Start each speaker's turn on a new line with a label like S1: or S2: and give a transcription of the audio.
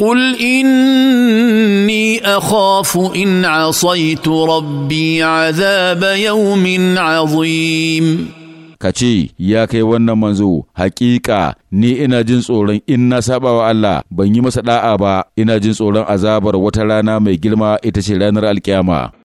S1: قل اني اخاف ان عصيت ربي عذاب يوم عظيم
S2: ka ce, Ya kai wannan manzo, hakika ni ina jin tsoron in na saba wa Allah ban yi masa da'a ba, ina jin tsoron azabar wata rana mai girma ita ce ranar alkiyama.